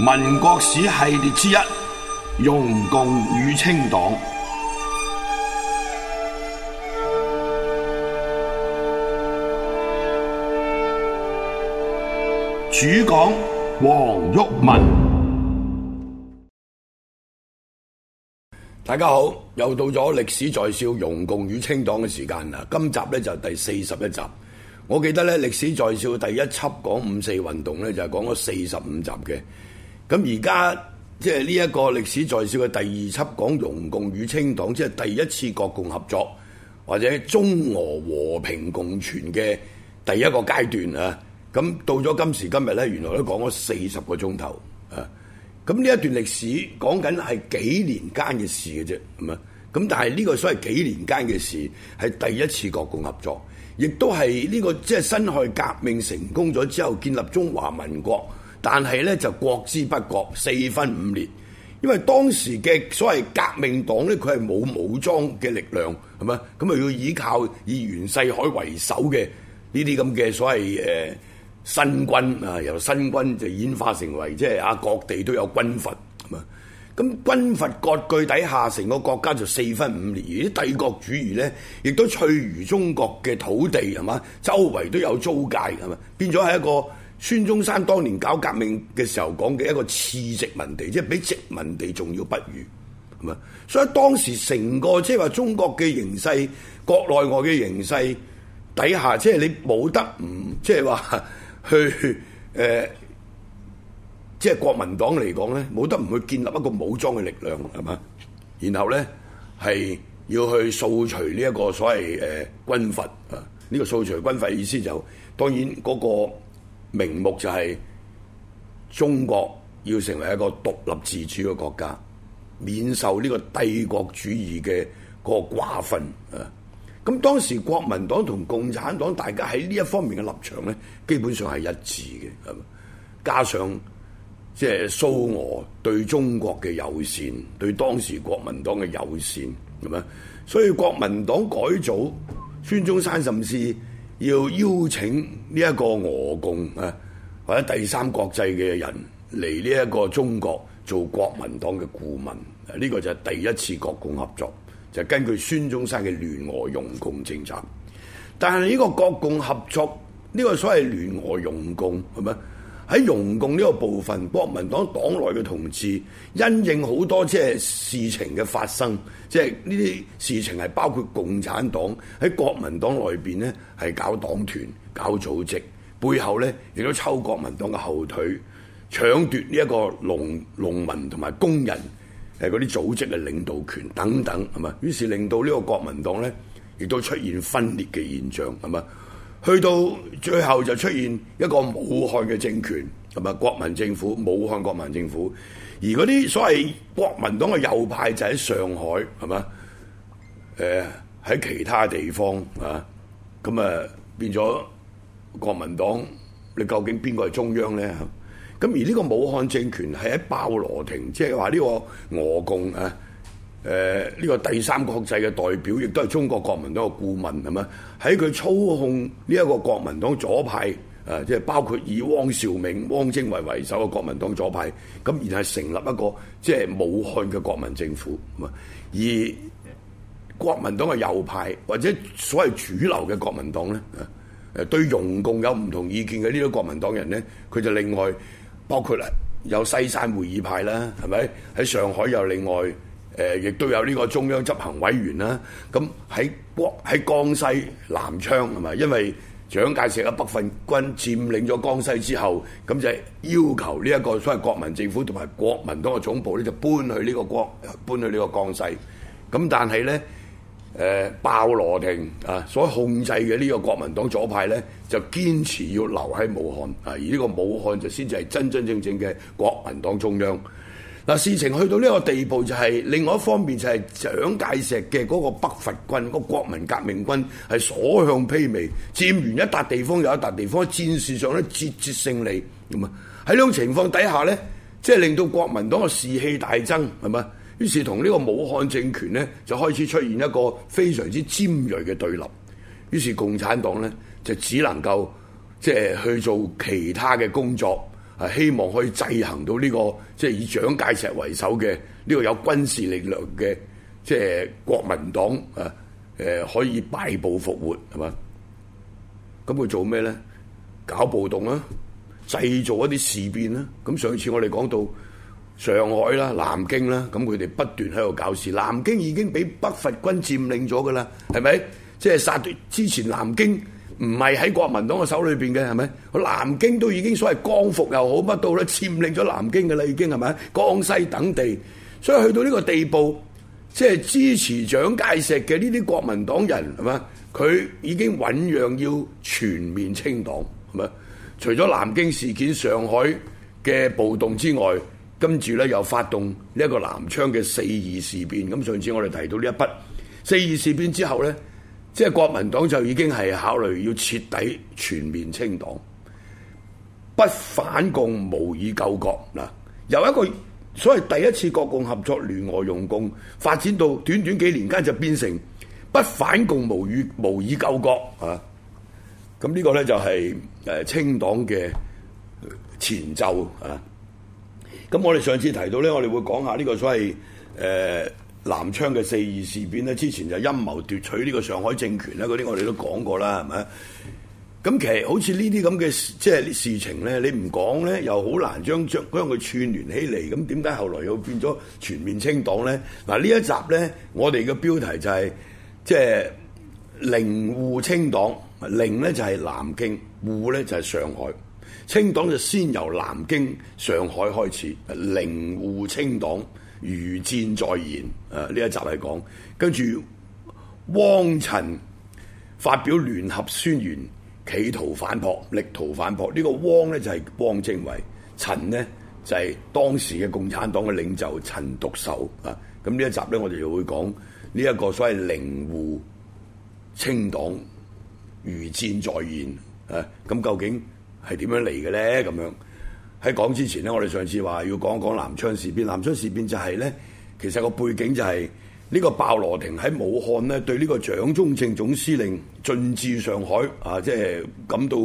民國史系列之一《容共與清黨》，主講黃毓民。大家好，又到咗歷史在笑《容共與清黨》嘅時間啦。今集咧就係第四十一集。我記得咧歷史在笑第一輯講五四運動咧就係講咗四十五集嘅。咁而家即係呢一個歷史在笑嘅第二輯講容共與清黨，即係第一次國共合作或者中俄和平共存嘅第一個階段啊！咁到咗今時今日咧，原來都講咗四十個鐘頭啊！咁呢一段歷史講緊係幾年間嘅事嘅啫，咁啊！咁但係呢個所謂幾年間嘅事，係第一次國共合作，亦都係呢個即係、就是、辛亥革命成功咗之後建立中華民國。但係咧就國之不國，四分五裂。因為當時嘅所謂革命黨咧，佢係冇武裝嘅力量，係咪？咁啊要依靠以袁世凱為首嘅呢啲咁嘅所謂誒、呃、新軍啊，由新軍就演化成為即係啊各地都有軍閥，係嘛？咁軍閥割據底下，成個國家就四分五裂。而啲帝國主義咧，亦都萃於中國嘅土地，係嘛？周圍都有租界，係咪？變咗係一個。孫中山當年搞革命嘅時候講嘅一個次殖民地，即係比殖民地仲要不如，係嘛？所以當時成個即係話中國嘅形勢、國內外嘅形勢底下，即係你冇得唔即係話去誒，即係、呃、國民黨嚟講咧，冇得唔去建立一個武裝嘅力量，係嘛？然後咧係要去掃除呢一個所謂誒、呃、軍閥啊，呢、這個掃除軍閥意思就是，當然嗰、那個。明目就係中國要成為一個獨立自主嘅國家，免受呢個帝國主義嘅個瓜分啊！咁當時國民黨同共產黨大家喺呢一方面嘅立場咧，基本上係一致嘅，係嘛？加上即係蘇俄對中國嘅友善，對當時國民黨嘅友善，係咪？所以國民黨改組，孫中山甚至。要邀請呢一個俄共啊，或者第三國際嘅人嚟呢一個中國做國民黨嘅顧問，呢個就係第一次國共合作，就根據孫中山嘅聯俄容共政策。但係呢個國共合作，呢個所謂聯俄容共係咪？是喺容共呢個部分，國民黨黨內嘅同志因應好多即係事情嘅發生，即係呢啲事情係包括共產黨喺國民黨內邊呢係搞黨團、搞組織，背後呢亦都抽國民黨嘅後腿，搶奪呢一個農農民同埋工人係嗰啲組織嘅領導權等等，係嘛？於是令到呢個國民黨呢亦都出現分裂嘅現象，係嘛？去到最後就出現一個武漢嘅政權同埋國民政府，武漢國民政府，而嗰啲所謂國民黨嘅右派就喺上海，係嘛？誒喺、呃、其他地方啊，咁啊變咗國民黨，你究竟邊個係中央咧？咁而呢個武漢政權係喺鮑羅亭，即係話呢個俄共啊。誒、呃、呢、這個第三國際嘅代表，亦都係中國國民黨嘅顧問係咪？喺佢操控呢一個國民黨左派，啊、呃，即係包括以汪兆銘、汪精衛為首嘅國民黨左派，咁而係成立一個即係武漢嘅國民政府。而國民黨嘅右派或者所謂主流嘅國民黨咧，誒、呃、對容共有唔同意見嘅呢啲國民黨人咧，佢就另外包括啦，有西山會議派啦，係咪？喺上海又另外。誒，亦都有呢個中央執行委員啦。咁喺江喺江西南昌係咪？因為蔣介石嘅北伐軍佔領咗江西之後，咁就要求呢一個所謂國民政府同埋國民黨嘅總部咧，就搬去呢個江搬去呢個江西。咁但係咧，誒、鮑羅廷啊所控制嘅呢個國民黨左派咧，就堅持要留喺武漢啊！而呢個武漢就先至係真真正正嘅國民黨中央。嗱，事情去到呢個地步，就係，就係另外一方面就係蔣介石嘅嗰個北伐軍，嗰個國民革命軍係所向披靡，佔完一笪地方又一笪地方，戰事上咧節節勝利，咁啊喺呢種情況底下咧，即、就、係、是、令到國民黨嘅士氣大增，係咪？於是同呢個武漢政權咧，就開始出現一個非常之尖銳嘅對立，於是共產黨咧就只能夠即係、就是、去做其他嘅工作。係希望可以制衡到呢、這個，即、就、係、是、以蔣介石為首嘅呢、這個有軍事力量嘅，即、就、係、是、國民黨啊，誒可以敗部復活係嘛？咁佢做咩咧？搞暴動啦、啊，製造一啲事變啦、啊。咁上次我哋講到上海啦、南京啦，咁佢哋不斷喺度搞事。南京已經俾北伐軍佔領咗㗎啦，係咪？即係殺奪之前南京。唔係喺國民黨嘅手裏邊嘅係咪？南京都已經所謂光復又好，乜到咧佔領咗南京嘅啦已經係咪？江西等地，所以去到呢個地步，即係支持蔣介石嘅呢啲國民黨人係咪？佢已經醞釀要全面清黨係咪？除咗南京事件、上海嘅暴動之外，跟住咧又發動呢一個南昌嘅四二事變。咁上次我哋提到呢一筆四二事變之後咧。即係國民黨就已經係考慮要徹底全面清黨，不反共無以救國嗱。由一個所謂第一次國共合作，聯俄用共，發展到短短幾年間就變成不反共無以無以救國啊！咁呢個咧就係、是、誒、呃、清黨嘅前奏啊。咁我哋上次提到咧，我哋會講下呢個所謂誒。呃南昌嘅四二事變之前就陰謀奪取呢個上海政權咧，嗰啲我哋都講過啦，係咪？咁其實好似呢啲咁嘅即係啲事情咧，你唔講咧，又好難將將佢串聯起嚟。咁點解後來又變咗全面清黨咧？嗱，呢一集咧，我哋嘅標題就係即係寧滬清黨，寧呢就係南京，滬咧就係上海，清黨就先由南京、上海開始，寧滬清黨。如箭在弦，誒呢一集係講，跟住汪陳發表聯合宣言，企圖反撲，力圖反撲。呢、這個汪呢，就係、是、汪精衛，陳呢，就係、是、當時嘅共產黨嘅領袖陳獨秀啊。咁呢一集咧，我哋就會講呢一個所謂寧滬清黨，如箭在弦。誒、啊，咁究竟係點樣嚟嘅咧？咁樣。喺講之前咧，我哋上次話要講一講南昌事變。南昌事變就係、是、呢，其實個背景就係、是、呢、這個鮑羅廷喺武漢咧，對呢個蔣中正總司令進駐上海啊，即、就、係、是、感到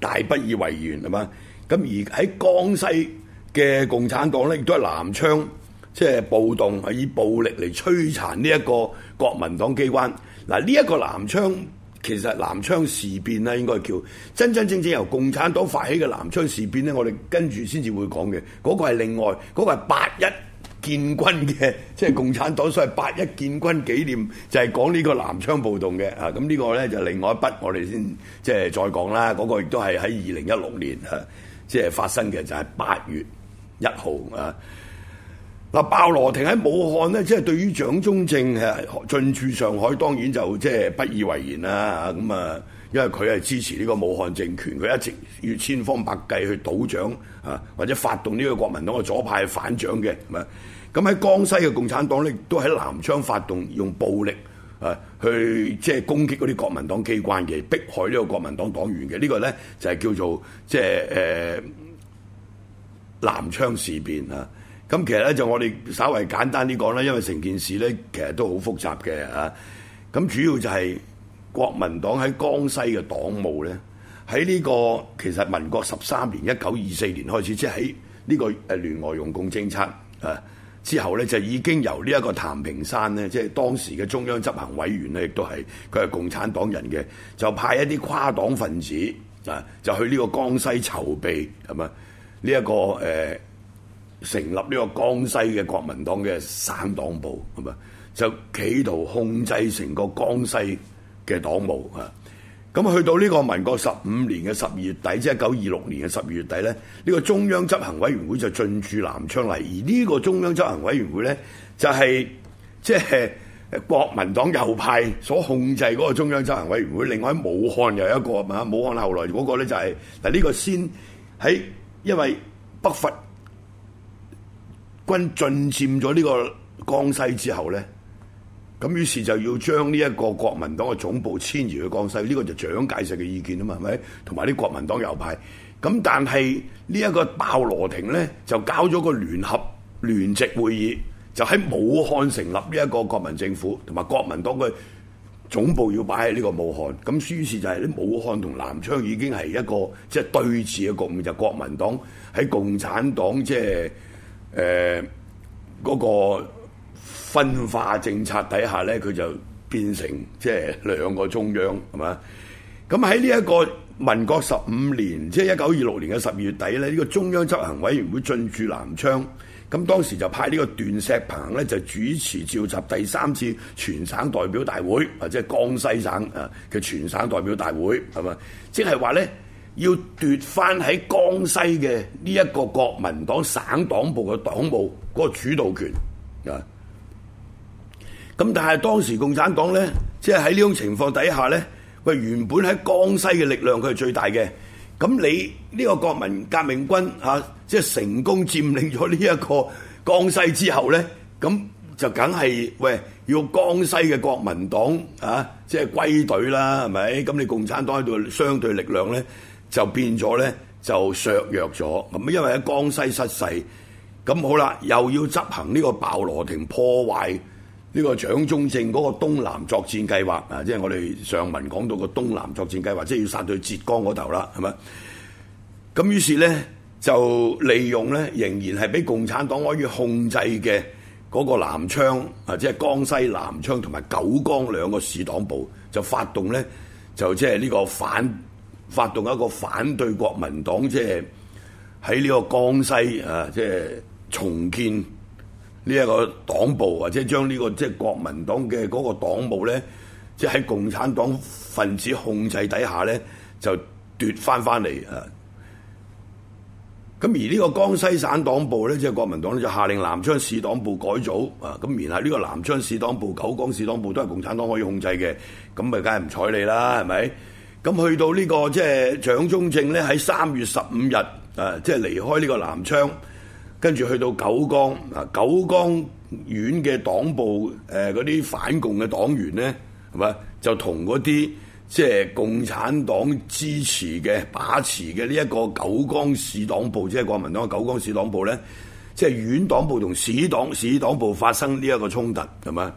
大不以為然係嘛？咁而喺江西嘅共產黨呢，亦都係南昌即係、就是、暴動，係以暴力嚟摧殘呢一個國民黨機關。嗱、啊，呢、這、一個南昌。其實南昌事變咧，應該叫真真正正由共產黨發起嘅南昌事變咧，我哋跟住先至會講嘅嗰個係另外嗰、那個係八一建軍嘅，即、就、係、是、共產黨所謂八一建軍紀念就係講呢個南昌暴動嘅啊，咁呢個呢，就是、另外一筆我哋先即係再講啦，嗰、那個亦都係喺二零一六年啊，即係發生嘅就係、是、八月一號啊。嗱，鮑羅廷喺武漢咧，即係對於蔣中正啊，進駐上海，當然就即係不以為然啦。咁啊，因為佢係支持呢個武漢政權，佢一直要千方百計去倒蔣啊，或者發動呢個國民黨嘅左派反蔣嘅。咁喺江西嘅共產黨咧，都喺南昌發動用暴力啊，去即係攻擊嗰啲國民黨機關嘅，迫害呢個國民黨黨員嘅。這個、呢個咧就係、是、叫做即係誒南昌事變啊！咁其實咧就我哋稍微簡單啲講啦，因為成件事咧其實都好複雜嘅嚇咁、啊、主要就係國民黨喺江西嘅黨務咧，喺呢個其實民國十三年一九二四年開始，即係喺呢個誒聯俄容共政策啊之後咧，就已經由呢一個譚平山咧，即係當時嘅中央執行委員咧，亦都係佢係共產黨人嘅，就派一啲跨黨分子啊，就去呢個江西籌備係咪呢一個、呃成立呢個江西嘅國民黨嘅省黨部，就企圖控制成個江西嘅黨務啊？咁去到呢個民國十五年嘅十二月底，即係一九二六年嘅十二月底咧，呢個中央執行委員會就進駐南昌嚟。而呢個中央執行委員會咧，就係即係國民黨右派所控制嗰個中央執行委員會。另外喺武漢又有一個啊武漢後來嗰個咧就係嗱呢個先喺因為北伐。軍進佔咗呢個江西之後呢，咁於是就要將呢一個國民黨嘅總部遷移去江西，呢、這個就蔣介石嘅意見啊嘛，係咪？同埋啲國民黨右派，咁但係呢一個鮑羅廷呢，就搞咗個聯合聯席會議，就喺武漢成立呢一個國民政府，同埋國民黨嘅總部要擺喺呢個武漢。咁於是就係啲武漢同南昌已經係一個即係、就是、對峙嘅局面，就是、國民黨喺共產黨即係。就是誒、呃、嗰、那個分化政策底下咧，佢就變成即係、就是、兩個中央係嘛？咁喺呢一個民國十五年，即係一九二六年嘅十二月底咧，呢、這個中央執行委員會進駐南昌，咁當時就派呢個段石鵬咧就主持召集第三次全省代表大會，或者江西省啊嘅全省代表大會係嘛？即係話咧。就是要奪翻喺江西嘅呢一個國民黨省黨部嘅黨務嗰個主導權啊！咁但係當時共產黨咧，即係喺呢種情況底下咧，喂，原本喺江西嘅力量佢係最大嘅。咁你呢個國民革命軍嚇，即係成功佔領咗呢一個江西之後咧，咁就梗係喂，要江西嘅國民黨啊，即係歸隊啦，係咪？咁你共產黨喺度相對力量咧，就變咗咧，就削弱咗。咁因為喺江西失勢，咁好啦，又要執行呢個鮑羅廷破壞呢個蔣中正嗰個東南作戰計劃啊！即係我哋上文講到個東南作戰計劃，即係要殺到去浙江嗰頭啦，係咪？咁於是咧，就利用咧，仍然係俾共產黨可以控制嘅嗰個南昌啊，即係江西南昌同埋九江兩個市黨部，就發動咧，就即係呢個反。發動一個反對國民黨，即係喺呢個江西啊，即係重建呢一個黨部，或者將呢個即係國民黨嘅嗰個黨部咧，即係喺共產黨分子控制底下咧，就奪翻翻嚟啊！咁而呢個江西省黨部咧，即係國民黨咧，就下令南昌市黨部改組啊！咁然後呢個南昌市黨部、九江市黨部都係共產黨可以控制嘅，咁咪梗係唔睬你啦，係咪？咁去到呢個即係蔣中正咧，喺三月十五日，誒即係離開呢個南昌，跟住去到九江。啊，九江縣嘅黨部誒嗰啲反共嘅黨員呢，係嘛就同嗰啲即係共產黨支持嘅把持嘅呢一個九江市黨部，即係國民黨嘅九江市黨部呢，即係縣黨部同市黨市黨部發生呢一個衝突，係嘛？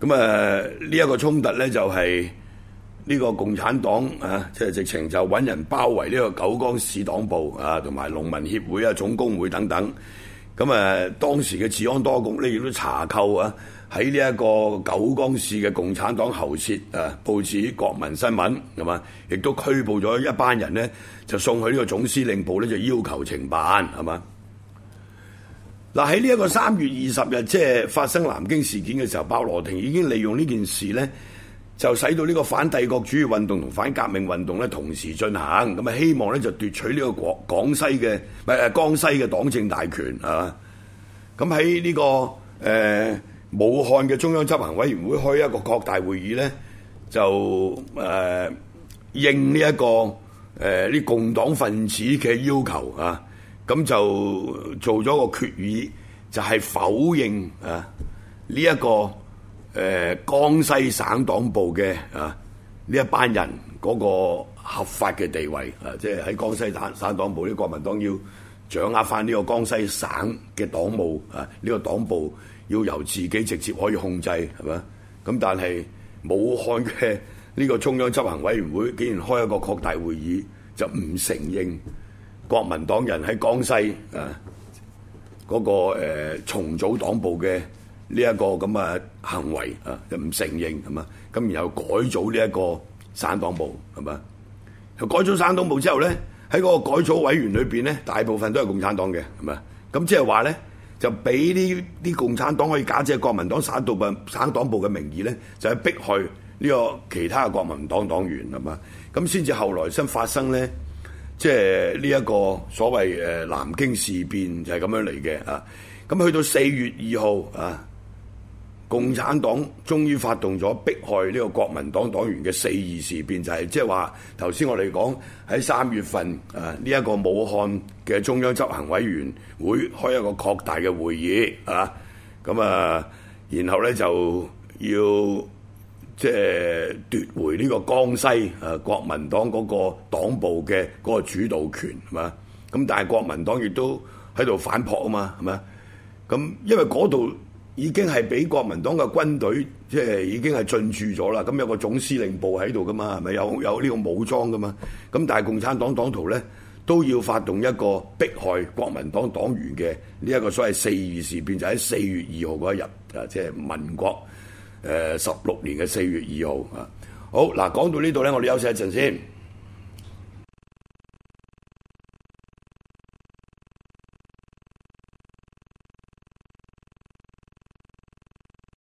咁啊，呢一個衝突呢，就係。呢個共產黨啊，即係直情就揾人包圍呢個九江市黨部啊，同埋農民協會啊、總工會等等。咁啊，當時嘅治安多局呢，亦都查扣啊，喺呢一個九江市嘅共產黨喉舌啊，報紙《國民新聞》係嘛，亦都拘捕咗一班人呢，就送去呢個總司令部呢，就要求懲辦係嘛。嗱喺呢一個三月二十日，即係發生南京事件嘅時候，鮑羅廷已經利用呢件事咧。就使到呢個反帝國主義運動同反革命運動咧同時進行，咁啊希望咧就奪取呢個廣廣西嘅唔係江西嘅黨政大權嚇。咁喺呢個誒、呃、武漢嘅中央執行委員會開一個擴大會議咧，就誒、呃、應呢、這、一個誒啲、呃、共黨分子嘅要求啊，咁就做咗個決議，就係、是、否認啊呢一、這個。誒、呃、江西省黨部嘅啊呢一班人嗰個合法嘅地位啊，即係喺江西省省黨部呢，國民黨要掌握翻呢個江西省嘅黨務啊，呢、呢個黨部要由自己直接可以控制係嘛？咁但係武漢嘅呢個中央執行委員會竟然開一個擴大會議，就唔承認國民黨人喺江西啊嗰、嗰個、呃、重組黨部嘅。呢、這、一個咁啊行為啊，就唔承認係嘛，咁然後改組呢一個省黨部係嘛，改組省黨部之後咧，喺嗰個改組委員裏邊咧，大部分都係共產黨嘅係嘛，咁即係話咧就俾呢啲共產黨可以假借國民黨省黨部省黨部嘅名義咧，就去逼去呢個其他嘅國民黨黨員係嘛，咁先至後來先發生咧，即係呢一個所謂誒南京事變就係、是、咁樣嚟嘅啊，咁去到四月二號啊。共產黨終於發動咗迫害呢個國民黨黨員嘅四二事變，就係即係話頭先我哋講喺三月份啊呢一個武漢嘅中央執行委員會開一個擴大嘅會議啊，咁啊，然後咧就要即係、就是、奪回呢個江西啊國民黨嗰個黨部嘅嗰個主導權係嘛，咁但係國民黨亦都喺度反撲啊嘛係嘛，咁因為嗰度。已經係俾國民黨嘅軍隊，即係已經係進駐咗啦。咁有個總司令部喺度噶嘛，係咪有有呢個武裝噶嘛？咁但係共產黨黨徒咧都要發動一個迫害國民黨黨員嘅呢一個所謂四二事變，就喺四月二號嗰一日，啊，即係民國誒十六年嘅四月二號啊。好，嗱講到呢度咧，我哋休息一陣先。